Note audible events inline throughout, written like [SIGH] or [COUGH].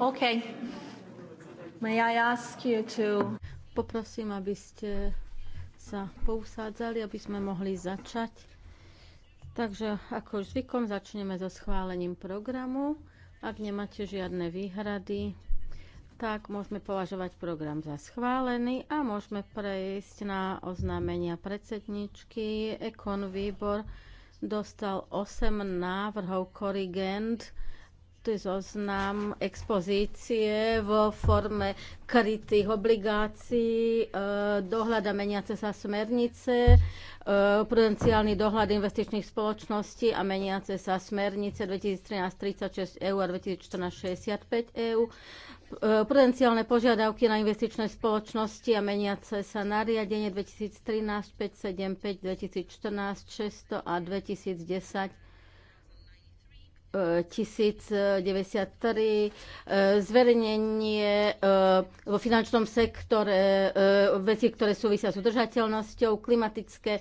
Okay. May I ask you to... Poprosím, aby ste sa pousádzali, aby sme mohli začať. Takže ako zvykom začneme so schválením programu. Ak nemáte žiadne výhrady, tak môžeme považovať program za schválený a môžeme prejsť na oznámenia predsedničky. Ekon výbor dostal 8 návrhov korigent tu je zoznam expozície vo forme krytých obligácií, e, dohľada meniace sa smernice, e, prudenciálny dohľad investičných spoločností a meniace sa smernice 2013 36 EU a 2014 65 EU, prudenciálne požiadavky na investičné spoločnosti a meniace sa nariadenie 2013 575, 2014 600 a 2010 1093, e, zverejnenie e, vo finančnom sektore e, veci, ktoré súvisia s udržateľnosťou, klimatické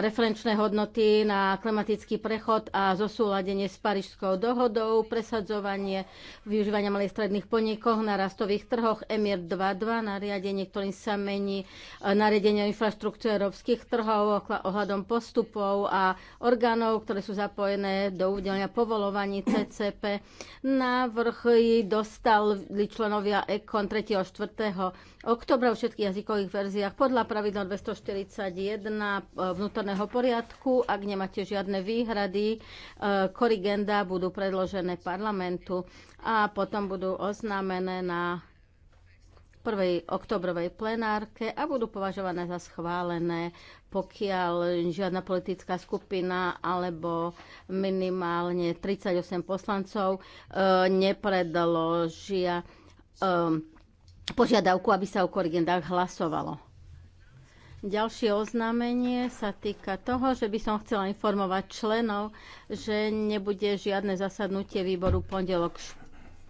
referenčné hodnoty na klimatický prechod a zosúladenie s Parížskou dohodou, presadzovanie využívania malých stredných podnikoch na rastových trhoch, EMIR 2.2, nariadenie, ktorým sa mení nariadenie o infraštruktúre európskych trhov ohľadom postupov a orgánov, ktoré sú zapojené do udelenia povolovania fungovaní CCP. Návrh dostali členovia EKON 3. a 4. oktobra v všetkých jazykových verziách podľa pravidla 241 e, vnútorného poriadku. Ak nemáte žiadne výhrady, e, korigenda budú predložené parlamentu a potom budú oznámené na prvej oktobrovej plenárke a budú považované za schválené, pokiaľ žiadna politická skupina alebo minimálne 38 poslancov e, nepredložia e, požiadavku, aby sa o korigendách hlasovalo. Ďalšie oznámenie sa týka toho, že by som chcela informovať členov, že nebude žiadne zasadnutie výboru pondelok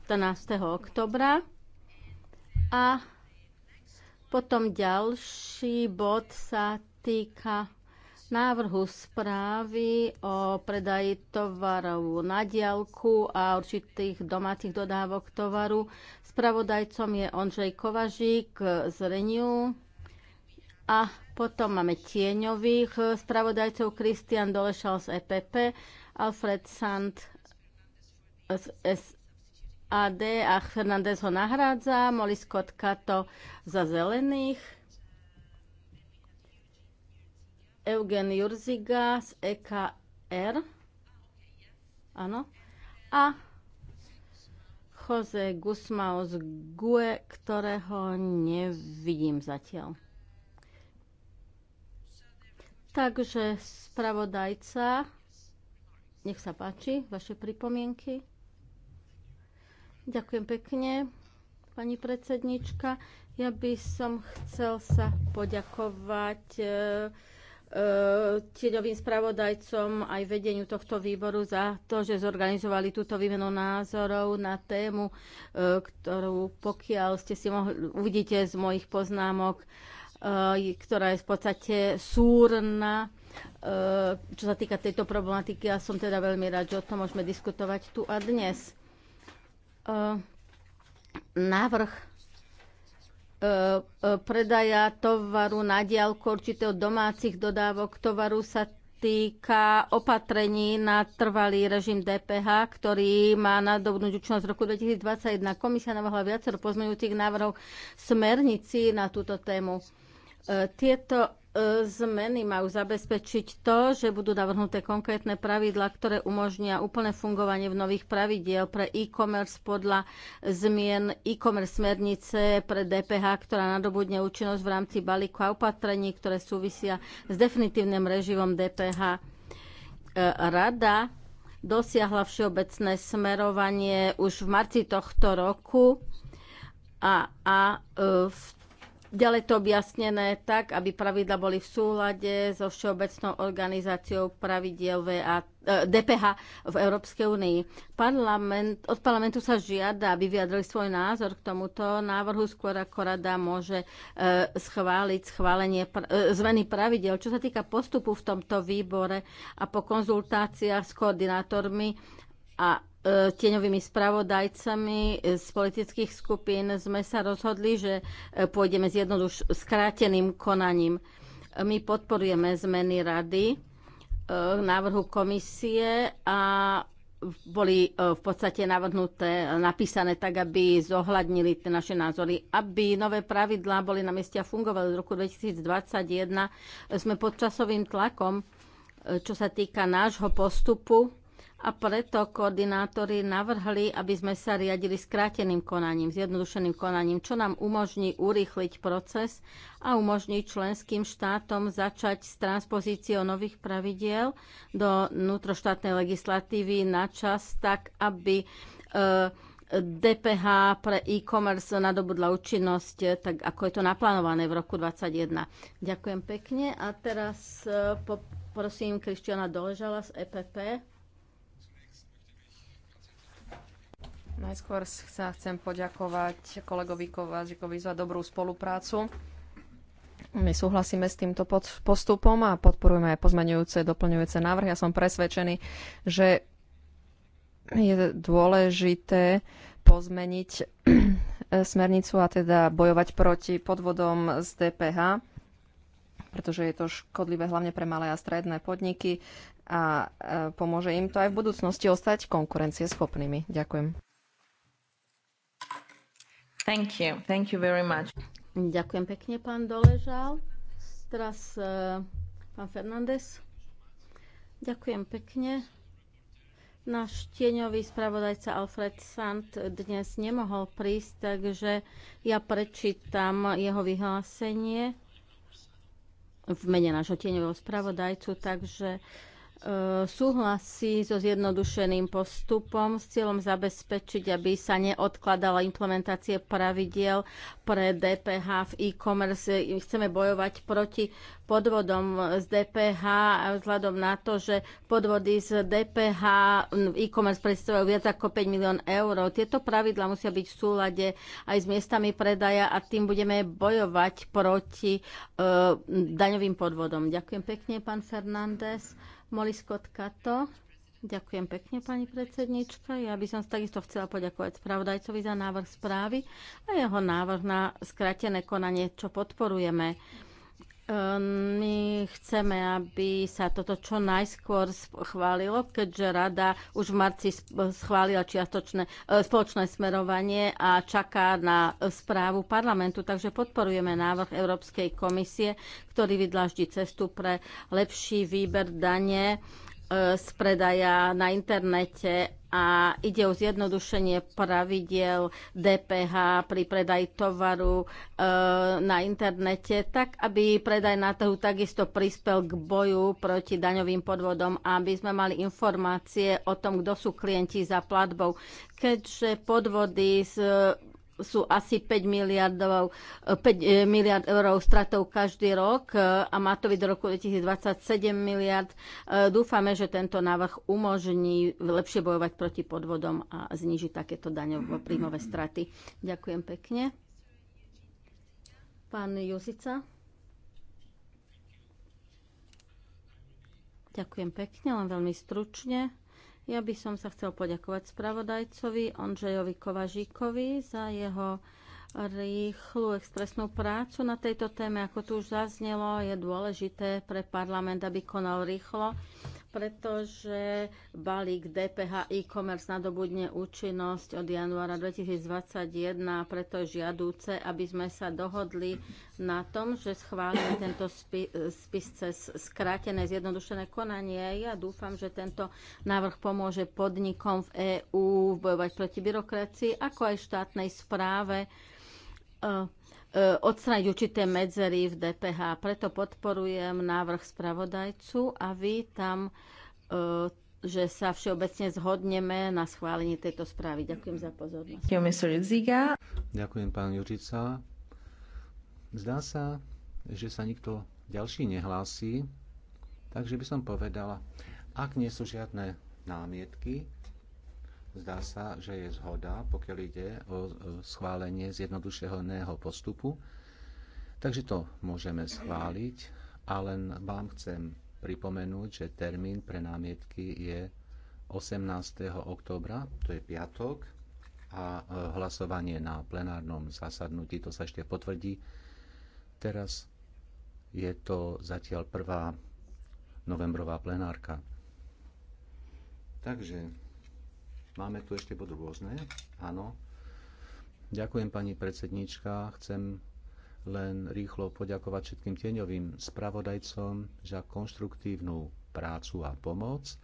14. oktobra. A potom ďalší bod sa týka návrhu správy o predaji tovarov na diálku a určitých domácich dodávok tovaru. Spravodajcom je Ondřej Kovažík z Renew. A potom máme tieňových spravodajcov Kristian Dolešal z EPP, Alfred Sand z AD a Fernández ho nahrádza, Molly Scott Kato za zelených, Eugen Jurziga z EKR, áno, a Jose Gusmao z GUE, ktorého nevidím zatiaľ. Takže spravodajca, nech sa páči, vaše pripomienky. Ďakujem pekne, pani predsednička. Ja by som chcel sa poďakovať e, e, tieňovým spravodajcom aj vedeniu tohto výboru za to, že zorganizovali túto výmenu názorov na tému, e, ktorú pokiaľ ste si mohli, uvidíte z mojich poznámok, ktorá je v podstate súrna, čo sa týka tejto problematiky. Ja som teda veľmi rád, že o tom môžeme diskutovať tu a dnes návrh predaja tovaru na diálku určitého domácich dodávok tovaru sa týka opatrení na trvalý režim DPH, ktorý má nadobnúť účinnosť roku 2021. Komisia navrhla viacero pozmeňujúcich návrhov smernici na túto tému. Tieto zmeny majú zabezpečiť to, že budú navrhnuté konkrétne pravidla, ktoré umožnia úplné fungovanie v nových pravidiel pre e-commerce podľa zmien e-commerce smernice pre DPH, ktorá nadobudne účinnosť v rámci balíku a opatrení, ktoré súvisia s definitívnym režimom DPH. E, Rada dosiahla všeobecné smerovanie už v marci tohto roku a, a e, v ďalej to objasnené tak, aby pravidla boli v súlade so Všeobecnou organizáciou pravidiel VA, e, DPH v Európskej únii. Parlament, od parlamentu sa žiada, aby vyjadrili svoj názor k tomuto návrhu, skôr ako rada môže e, schváliť schválenie pra, e, zmeny pravidel. Čo sa týka postupu v tomto výbore a po konzultáciách s koordinátormi a E, tieňovými spravodajcami z politických skupín sme sa rozhodli, že e, pôjdeme s jednoduš skráteným konaním. My podporujeme zmeny rady e, návrhu komisie a boli v podstate navrhnuté, napísané tak, aby zohľadnili tie naše názory. Aby nové pravidlá boli na mieste a fungovali v roku 2021, sme pod časovým tlakom, čo sa týka nášho postupu a preto koordinátori navrhli, aby sme sa riadili skráteným konaním, zjednodušeným konaním, čo nám umožní urýchliť proces a umožní členským štátom začať s transpozíciou nových pravidiel do vnútroštátnej legislatívy na čas, tak aby e, DPH pre e-commerce nadobudla účinnosť, e, tak ako je to naplánované v roku 2021. Ďakujem pekne a teraz e, poprosím Kristiana Doležala z EPP. Najskôr sa chcem poďakovať kolegovi Kovážikovi za dobrú spoluprácu. My súhlasíme s týmto postupom a podporujeme aj pozmeňujúce, doplňujúce návrhy. Ja som presvedčený, že je dôležité pozmeniť [CLEARS THROAT] smernicu a teda bojovať proti podvodom z DPH, pretože je to škodlivé hlavne pre malé a stredné podniky a e, pomôže im to aj v budúcnosti ostať konkurencieschopnými. Ďakujem. Thank you. Thank you very much. Ďakujem pekne, pán Doležal. Teraz uh, pán Fernández. Ďakujem pekne. Náš tieňový spravodajca Alfred Sant dnes nemohol prísť, takže ja prečítam jeho vyhlásenie v mene nášho tieňového spravodajcu, takže uh, E, súhlasí so zjednodušeným postupom s cieľom zabezpečiť, aby sa neodkladala implementácie pravidiel pre DPH v e-commerce. Chceme bojovať proti podvodom z DPH vzhľadom na to, že podvody z DPH v e-commerce predstavujú viac ako 5 milión eur. Tieto pravidla musia byť v súlade aj s miestami predaja a tým budeme bojovať proti e, daňovým podvodom. Ďakujem pekne, pán Fernández. Molly Scott Kato. Ďakujem pekne, pani predsednička. Ja by som takisto chcela poďakovať spravodajcovi za návrh správy a jeho návrh na skratené konanie, čo podporujeme. My chceme, aby sa toto čo najskôr schválilo, keďže rada už v marci schválila čiastočné e, spoločné smerovanie a čaká na správu parlamentu. Takže podporujeme návrh Európskej komisie, ktorý vydláždi cestu pre lepší výber dane e, z predaja na internete a ide o zjednodušenie pravidiel DPH pri predaji tovaru e, na internete, tak aby predaj na trhu takisto prispel k boju proti daňovým podvodom a aby sme mali informácie o tom, kto sú klienti za platbou. Keďže podvody s sú asi 5 miliardov, 5 e, e, miliard eur stratov každý rok e, a má to byť do roku 2027 miliard. Dúfame, že tento návrh umožní lepšie bojovať proti podvodom a znižiť takéto daňové príjmové straty. Ďakujem pekne. Pán Jusica. Ďakujem pekne, len veľmi stručne. Ja by som sa chcel poďakovať spravodajcovi Ondřejovi Kovažíkovi za jeho rýchlu expresnú prácu na tejto téme. Ako tu už zaznelo, je dôležité pre parlament, aby konal rýchlo pretože balík DPH e-commerce nadobudne účinnosť od januára 2021 a preto je žiadúce, aby sme sa dohodli na tom, že schválime tento spis, spis cez skrátené zjednodušené konanie. Ja dúfam, že tento návrh pomôže podnikom v EÚ bojovať proti byrokracii, ako aj štátnej správe e, E, odstrániť určité medzery v DPH. Preto podporujem návrh spravodajcu a vítam, e, že sa všeobecne zhodneme na schválení tejto správy. Ďakujem za pozornosť. Ďakujem, pán Jurica. Zdá sa, že sa nikto ďalší nehlási, takže by som povedala, ak nie sú žiadne námietky, Zdá sa, že je zhoda, pokiaľ ide o schválenie zjednodušeného postupu. Takže to môžeme schváliť a len vám chcem pripomenúť, že termín pre námietky je 18. októbra, to je piatok, a e, hlasovanie na plenárnom zasadnutí, to sa ešte potvrdí. Teraz je to zatiaľ prvá novembrová plenárka. Takže Máme tu ešte bod rôzne. Áno. Ďakujem, pani predsednička. Chcem len rýchlo poďakovať všetkým tieňovým spravodajcom za konštruktívnu prácu a pomoc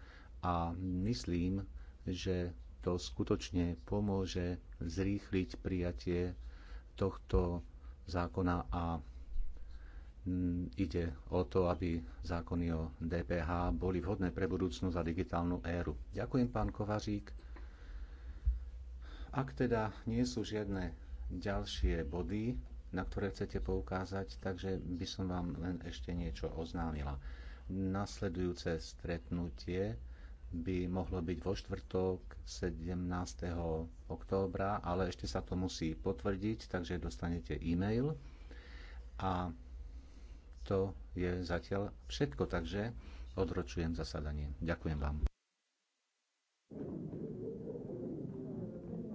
a myslím, že to skutočne pomôže zrýchliť prijatie tohto zákona a mm, ide o to, aby zákony o DPH boli vhodné pre budúcnosť a digitálnu éru. Ďakujem, pán Kovařík. Ak teda nie sú žiadne ďalšie body, na ktoré chcete poukázať, takže by som vám len ešte niečo oznámila. Nasledujúce stretnutie by mohlo byť vo štvrtok 17. októbra, ale ešte sa to musí potvrdiť, takže dostanete e-mail. A to je zatiaľ všetko, takže odročujem zasadanie. Ďakujem vám.